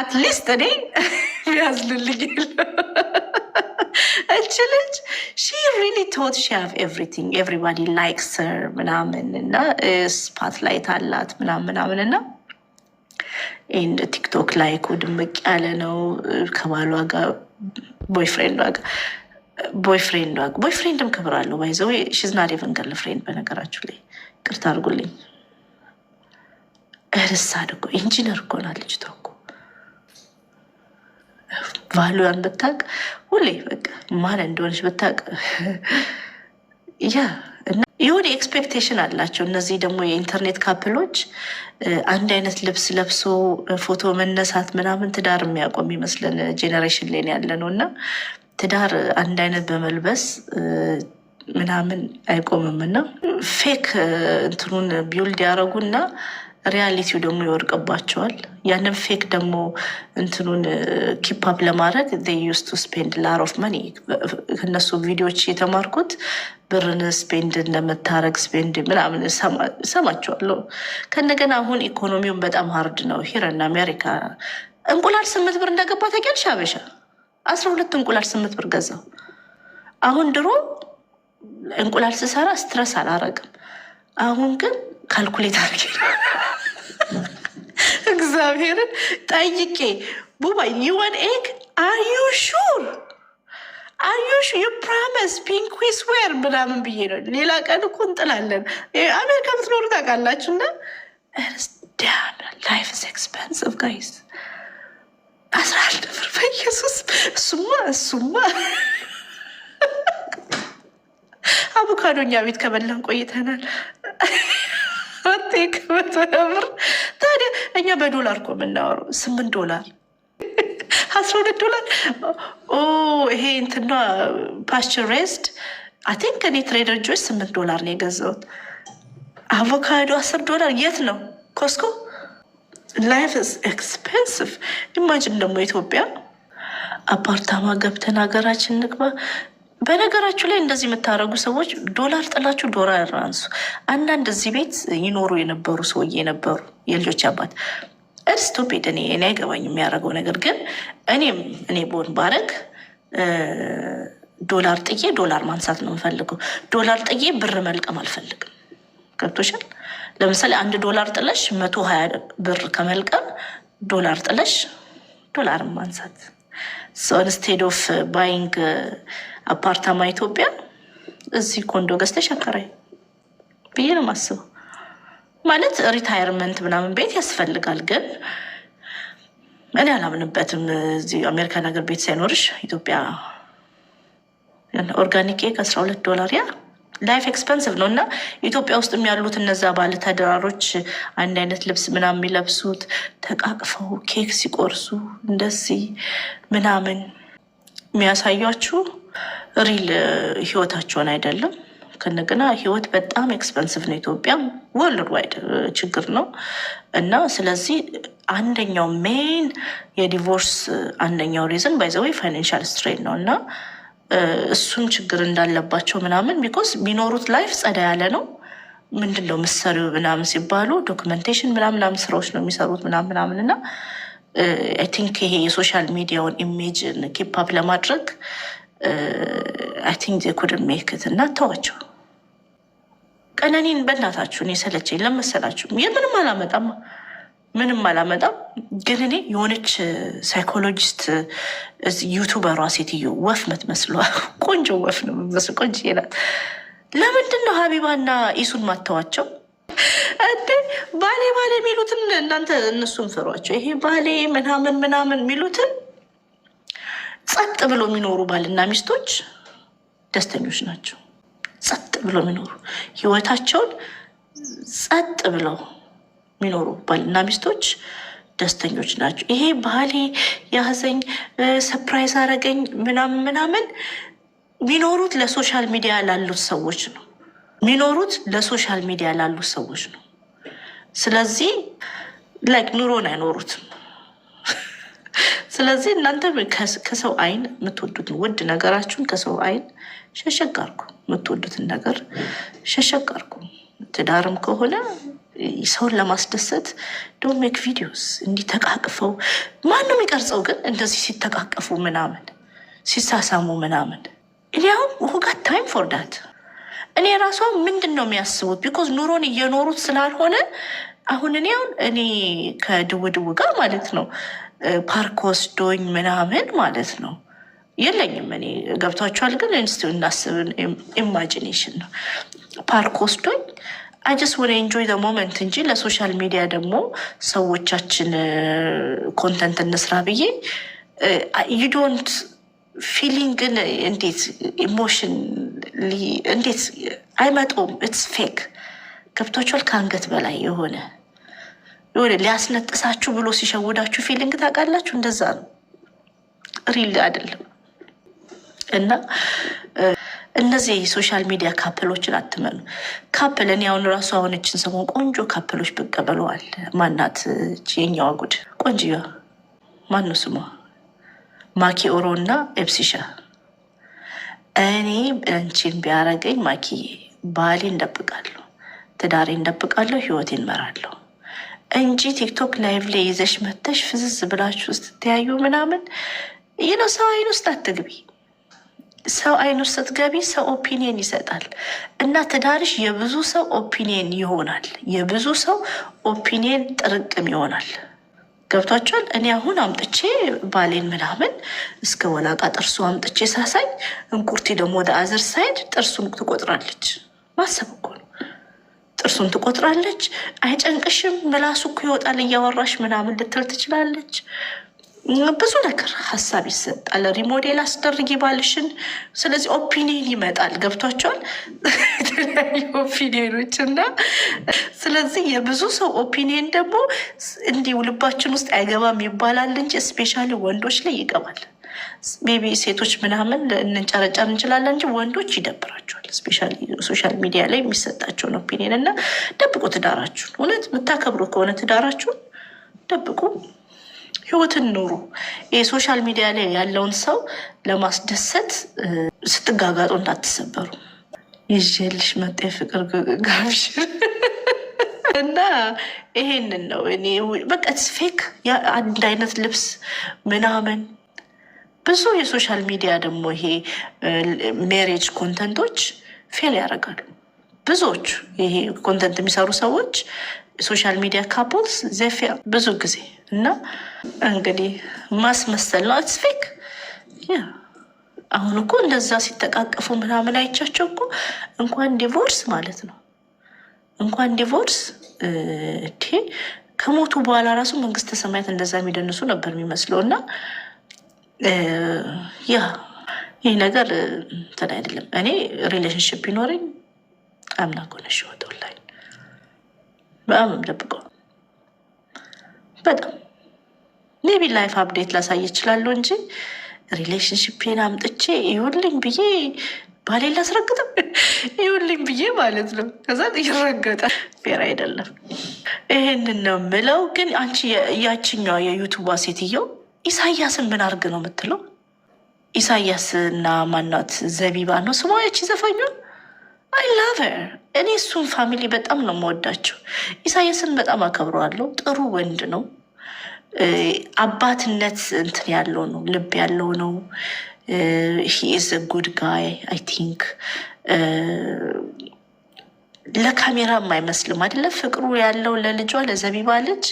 አትሊስት እኔ ያዝልልኝ እች ልጅ ሺ ሪሊ ቶት ሺ ሃቭ ኤቭሪቲንግ ኤቭሪባዲ ላይክስ ሄር ምናምን እና ስፓትላይት አላት ምናምን ምናምን እና ኤንድ ቲክቶክ ላይኩ ድምቅ ያለ ነው ከባሏ ጋር ቦይፍሬንዷ ጋር ቦይፍሬንዷ ቦይፍሬንድም ክብር አለው። ባይዘው ሽዝ ናት ገርል ፍሬንድ በነገራችሁ ላይ ቅርታ አድርጉልኝ። እርስ አድርጎ ኢንጂነር እኮ ናት ልጅቷ እኮ ባህሏን ብታቅ ሁሌ በቃ ማን እንደሆነች ብታቅ ያ የሆነ ኤክስፔክቴሽን አላቸው። እነዚህ ደግሞ የኢንተርኔት ካፕሎች አንድ አይነት ልብስ ለብሶ ፎቶ መነሳት ምናምን ትዳር የሚያቆም ይመስለን ጄኔሬሽን ላይ ያለ ነው እና ትዳር አንድ አይነት በመልበስ ምናምን አይቆምም እና ፌክ እንትኑን ቢውልድ እና ሪያሊቲው ደግሞ ይወርቅባቸዋል። ያንን ፌክ ደግሞ እንትኑን ኪፓፕ uh, ለማድረግ ዩስ ቱ ስፔንድ ላር ኦፍ መኒ ከነሱ ቪዲዮዎች የተማርኩት ብርን ስፔንድ እንደምታረግ ስፔንድ ምናምን ሰማቸዋለሁ። ከነገና አሁን ኢኮኖሚውን በጣም ሀርድ ነው። ሂረን አሜሪካ እንቁላል ስምንት ብር እንደገባ ታውቂያለሽ? ሀበሻ አስራ ሁለት እንቁላል ስምንት ብር ገዛው። አሁን ድሮ እንቁላል ስሰራ ስትረስ አላረግም። አሁን ግን ካልኩሌት አድርጌ እግዚአብሔርን ጠይቄ ቡባ ዩን ኤግ አዩ ሹር አዩ ዩ ፕሮሚስ ፒንኩስ ዌር ምናምን ብዬ ነው። ሌላ ቀን እኮ እንጥላለን። አሜሪካ ምትኖሩ ታውቃላችሁ። እና ላይፍ ኢዝ ኤክስፐንሲቭ ጋይስ አስራ አንድ ብር በኢየሱስ እሱማ እሱማ አቮካዶ እኛ ቤት ከበላን ቆይተናል። ከመቶ ብር ታዲያ እኛ በዶላር እኮ የምናወሩ ስምንት ዶላር አስራ ሁለት ዶላር ይሄ እንትና ፓስቸሬስድ አይ ቲንክ እኔ ትሬደር ጆች ስምንት ዶላር ነው የገዛሁት። አቮካዶ አስር ዶላር የት ነው ኮስኮ? ላይፍ ኢዝ ኤክስፔንሲቭ። ኢማጅን ደግሞ ኢትዮጵያ አፓርታማ ገብተን ሀገራችን ንግባ በነገራችሁ ላይ እንደዚህ የምታደረጉ ሰዎች ዶላር ጥላችሁ ዶላር ያራንሱ። አንዳንድ እዚህ ቤት ይኖሩ የነበሩ ሰውዬ የነበሩ የልጆች አባት እስቱፒድ እኔ እኔ አይገባኝ የሚያደርገው ነገር ግን እኔም እኔ ቦን ባረግ ዶላር ጥዬ ዶላር ማንሳት ነው የምፈልገው። ዶላር ጥዬ ብር መልቀም አልፈልግም። ገብቶሻል? ለምሳሌ አንድ ዶላር ጥለሽ መቶ ሀያ ብር ከመልቀም ዶላር ጥለሽ ዶላርን ማንሳት ኢንስቴድ ኦፍ ባይንግ አፓርታማ ኢትዮጵያ እዚህ ኮንዶ ገዝተሽ አከራይ ብዬ ነው ማስበው። ማለት ሪታይርመንት ምናምን ቤት ያስፈልጋል፣ ግን እኔ አላምንበትም። እዚህ አሜሪካን ሀገር ቤት ሳይኖርሽ ኢትዮጵያ ኦርጋኒክ ከአስራ ሁለት ዶላር ያ ላይፍ ኤክስፐንሲቭ ነው እና ኢትዮጵያ ውስጥም ያሉት እነዛ ባለ ተደራሮች አንድ አይነት ልብስ ምናምን የሚለብሱት ተቃቅፈው ኬክ ሲቆርሱ እንደዚህ ምናምን የሚያሳያችሁ ሪል ህይወታቸውን አይደለም። ከነገና ህይወት በጣም ኤክስፐንሲቭ ነው። ኢትዮጵያ ወርልድ ዋይድ ችግር ነው እና ስለዚህ አንደኛው ሜን የዲቮርስ አንደኛው ሪዝን ባይዘወይ ፋይናንሻል ስትሬን ነው እና እሱም ችግር እንዳለባቸው ምናምን ቢኮዝ ቢኖሩት ላይፍ ጸዳ ያለ ነው ምንድን ነው ምሰሪው ምናምን ሲባሉ ዶክመንቴሽን ምናምናምን ስራዎች ነው የሚሰሩት ምናምናምን እና አይ ቲንክ ይሄ የሶሻል ሚዲያውን ኢሜጅን ኬፓፕ ለማድረግ አይ ቲንክ ዜኩድ ሜክት እና ተዋቸው። ቀነኔን በእናታችሁን የሰለቸኝ ለመሰላችሁ የምንም አላመጣም ምንም አላመጣም። ግን እኔ የሆነች ሳይኮሎጂስት ዩቱበሯ ሴትዮ ወፍ ምትመስሏ ቆንጆ ወፍ ነው የምትመስል ቆንጆ ናት። ለምንድን ነው ሀቢባና ኢሱን ማተዋቸው? እንዴ ባሌ ባሌ የሚሉትን እናንተ እነሱን ፍሯቸው። ይሄ ባሌ ምናምን ምናምን የሚሉትን ጸጥ ብሎ የሚኖሩ ባልና ሚስቶች ደስተኞች ናቸው። ጸጥ ብሎ የሚኖሩ ህይወታቸውን ጸጥ ብለው የሚኖሩ ባልና ሚስቶች ደስተኞች ናቸው። ይሄ ባሌ ያዘኝ፣ ሰፕራይዝ አረገኝ ምናምን ምናምን የሚኖሩት ለሶሻል ሚዲያ ላሉት ሰዎች ነው። የሚኖሩት ለሶሻል ሚዲያ ላሉ ሰዎች ነው። ስለዚህ ላይክ ኑሮን አይኖሩትም። ስለዚህ እናንተ ከሰው አይን የምትወዱትን ውድ ነገራችሁን ከሰው አይን ሸሸጋርኩ፣ የምትወዱትን ነገር ሸሸጋርኩ። ትዳርም ከሆነ ሰውን ለማስደሰት ዶንት ሜክ ቪዲዮስ እንዲህ ተቃቅፈው ማንም ይቀርጸው። ግን እንደዚህ ሲተቃቀፉ ምናምን ሲሳሳሙ ምናምን እኔ ሁጋት ታይም ፎር ዳት እኔ ራሷ ምንድን ነው የሚያስቡት? ቢኮዝ ኑሮን እየኖሩት ስላልሆነ አሁን እኔ አሁን እኔ ከድውድው ጋር ማለት ነው ፓርክ ወስዶኝ ምናምን ማለት ነው የለኝም እኔ ገብቷቸዋል። ግን እንስቲ እናስብን ኢማጂኔሽን ነው ፓርክ ወስዶኝ አጀስ ወደ ኤንጆይ ዘ ሞመንት እንጂ ለሶሻል ሚዲያ ደግሞ ሰዎቻችን ኮንተንት እንስራ ብዬ ዩ ዶንት ፊሊንግን እንዴት ኢሞሽን እንዴት አይመጡም። ኢትስ ፌክ ገብቶችል። ከአንገት በላይ የሆነ የሆነ ሊያስነጥሳችሁ ብሎ ሲሸውዳችሁ ፊሊንግ ታውቃላችሁ። እንደዛ ነው፣ ሪል አይደለም። እና እነዚህ ሶሻል ሚዲያ ካፕሎችን አትመኑ። ካፕል እኔ አሁን ራሱ አሁንችን ሰሞን ቆንጆ ካፕሎች ብቀበለዋል። ማናት የኛዋ ጉድ ቆንጅዬ ማነው ስሟ? ኦሮ እና ኤብሲሻ እኔ እንቺን ቢያረገኝ ማኪዬ ባሌን እንደብቃለሁ ትዳሬ እደብቃለሁ፣ ህይወቴን እመራለሁ እንጂ ቲክቶክ ላይቭ ላይ ይዘሽ መተሽ ፍዝዝ ብላችሁ ስትተያዩ ምናምን ይህ ነው። ሰው አይን ውስጥ አትግቢ። ሰው አይን ውስጥ ስትገቢ ሰው ኦፒኒየን ይሰጣል እና ትዳርሽ የብዙ ሰው ኦፒኒየን ይሆናል። የብዙ ሰው ኦፒኒየን ጥርቅም ይሆናል። ገብቷቸዋል። እኔ አሁን አምጥቼ ባሌን ምናምን እስከ ወላቃ ጥርሱ አምጥቼ ሳሳይ እንቁርቲ ደግሞ ወደ አዘር ሳይድ ጥርሱን ትቆጥራለች። ማሰብ እኮ ነው። ጥርሱን ትቆጥራለች። አይጨንቅሽም? ምላሱ እኮ ይወጣል እያወራሽ ምናምን ልትል ትችላለች። ብዙ ነገር ሀሳብ ይሰጣል። ሪሞዴል አስደርጊ ባልሽን። ስለዚህ ኦፒኒየን ይመጣል። ገብቷቸዋል የተለያዩ ኦፒኒየኖች እና ስለዚህ የብዙ ሰው ኦፒኒየን ደግሞ እንዲሁ ልባችን ውስጥ አይገባም ይባላል እንጂ ስፔሻሊ ወንዶች ላይ ይገባል። ቤቢ ሴቶች ምናምን እንንጨረጨር እንችላለን እንጂ ወንዶች ይደብራቸዋል። ስፔሻሊ ሶሻል ሚዲያ ላይ የሚሰጣቸውን ኦፒኒየን እና ደብቁ ትዳራችሁን። እውነት የምታከብሩ ከሆነ ትዳራችሁን ደብቁ። ህይወትን ኑሩ። የሶሻል ሚዲያ ላይ ያለውን ሰው ለማስደሰት ስትጋጋጡ እንዳትሰበሩ። ይዤልሽ መጣ የፍቅር ጋብሽ እና ይሄንን ነው እኔ በቃ ፌክ አንድ አይነት ልብስ ምናምን ብዙ የሶሻል ሚዲያ ደግሞ ይሄ ሜሬጅ ኮንተንቶች ፌል ያደርጋሉ። ብዙዎቹ ይሄ ኮንተንት የሚሰሩ ሰዎች ሶሻል ሚዲያ ካፕልስ ዘፌ ብዙ ጊዜ እና እንግዲህ ማስመሰል ነው አትስፌክ አሁን እኮ እንደዛ ሲጠቃቀፉ ምናምን አይቻቸው እኮ እንኳን ዲቮርስ ማለት ነው እንኳን ዲቮርስ ከሞቱ በኋላ ራሱ መንግስተ ሰማያት እንደዛ የሚደንሱ ነበር የሚመስለው። እና ያ ይህ ነገር እንትን አይደለም። እኔ ሪሌሽንሽፕ ቢኖረኝ አምና ኮነሽ በጣም ደብቀው በጣም የቢ ላይፍ አፕዴት ላሳይ ይችላሉ እንጂ ሪሌሽንሽፔን አምጥቼ ይሁልኝ ብዬ ባሌ ላስረግጥም ይሁልኝ ብዬ ማለት ነው። ከዛ ይረገጣል። ፌር አይደለም። ይህንን ነው ምለው። ግን አንቺ ያችኛዋ የዩቱባ ሴትየው ኢሳያስን ምን አርግ ነው የምትለው? ኢሳያስ እና ማናት ዘቢባ ነው ስሟ ያቺ ዘፋኟ። አይ ላቭ እኔ እሱን ፋሚሊ በጣም ነው የምወዳቸው። ኢሳያስን በጣም አከብረዋለሁ። ጥሩ ወንድ ነው። አባትነት እንትን ያለው ነው፣ ልብ ያለው ነው። ሂ ጉድ ጋይ አይ ቲንክ ለካሜራም አይመስልም አይደለ? ፍቅሩ ያለው ለልጇ ለዘቢባ ልጅ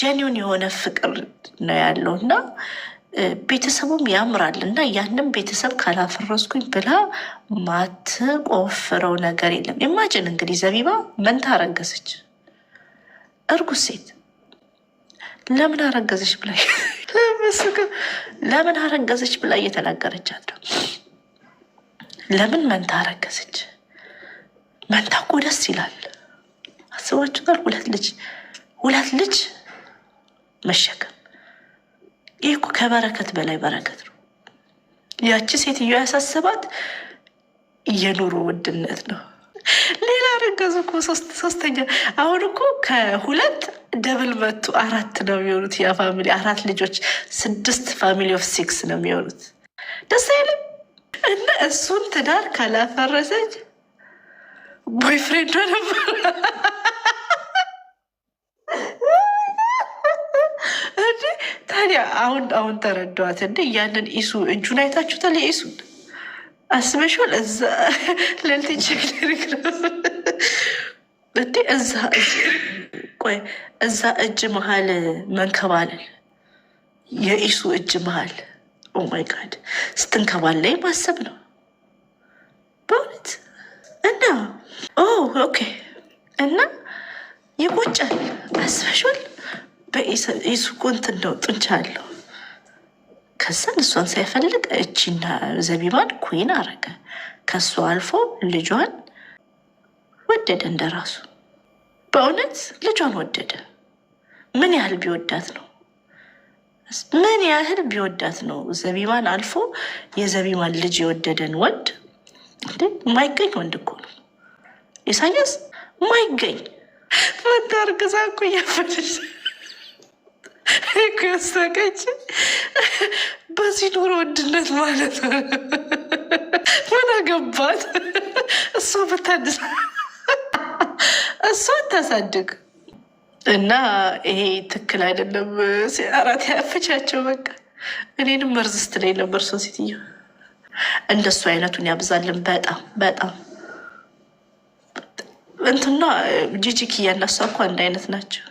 ጀኒውን የሆነ ፍቅር ነው ያለው እና ቤተሰቡም ያምራል እና ያንም ቤተሰብ ካላፈረስኩኝ ብላ ማትቆፍረው ነገር የለም። ኢማጅን እንግዲህ ዘቢባ መንታ ረገሰች፣ እርጉዝ ሴት ለምን አረገዘች ብላ ለምን አረገዘች ብላ እየተናገረቻት ነው። ለምን መንታ አረገዘች? መንታ እኮ ደስ ይላል። አስባችሁታል? ሁለት ልጅ ሁለት ልጅ መሸከም ይህ እኮ ከበረከት በላይ በረከት ነው። ያቺ ሴትዮ ያሳስባት የኑሮ ውድነት ነው። ተረገዙ እኮ ሶስተኛ። አሁን እኮ ከሁለት ደብል መቱ አራት ነው የሚሆኑት። ያ ፋሚሊ አራት ልጆች ስድስት ፋሚሊ ኦፍ ሲክስ ነው የሚሆኑት። ደስ አይልም? እና እሱን ትዳር ካላፈረሰች ቦይፍሬንድ ነበር ታዲያ። አሁን አሁን ተረዷት እንደ ያንን ኢሱ እጁን አይታችሁታል የኢሱን አስበሽዋል? እዛ ለልት ቸክደርግ እንዴ እዛ ቆይ እዛ እጅ መሀል መንከባለል የኢሱ እጅ መሀል ኦማይ ጋድ ስትንከባል ላይ ማሰብ ነው በእውነት እና ኦኬ እና ይቆጫል። አስበሽዋል? በኢሱ ጎንት እንደው ጡንቻ አለው ከዛ እሷን ሳይፈልግ እቺና ዘቢባን ኩን አረገ። ከሱ አልፎ ልጇን ወደደ እንደራሱ። በእውነት ልጇን ወደደ። ምን ያህል ቢወዳት ነው? ምን ያህል ቢወዳት ነው? ዘቢባን አልፎ የዘቢባን ልጅ የወደደን ወንድ እንዴ! ወንድ እኮ ነው ኢሳያስ፣ ማይገኝ መታርግዛ እኮ እያፈለች እኮ ያሳቀች በዚህ ኑሮ ውድነት ማለት ምን አገባት? እሷ ብታድስ እሷ ታሳድግ እና ይሄ ትክክል አይደለም። አራት ያፈቻቸው በቃ እኔንም መርዝ ስትለኝ ነበር ሰው ሴትዮ። እንደሱ አይነቱን ያብዛልን። በጣም በጣም እንትና ጂጂክ እና እኮ አንድ አይነት ናቸው።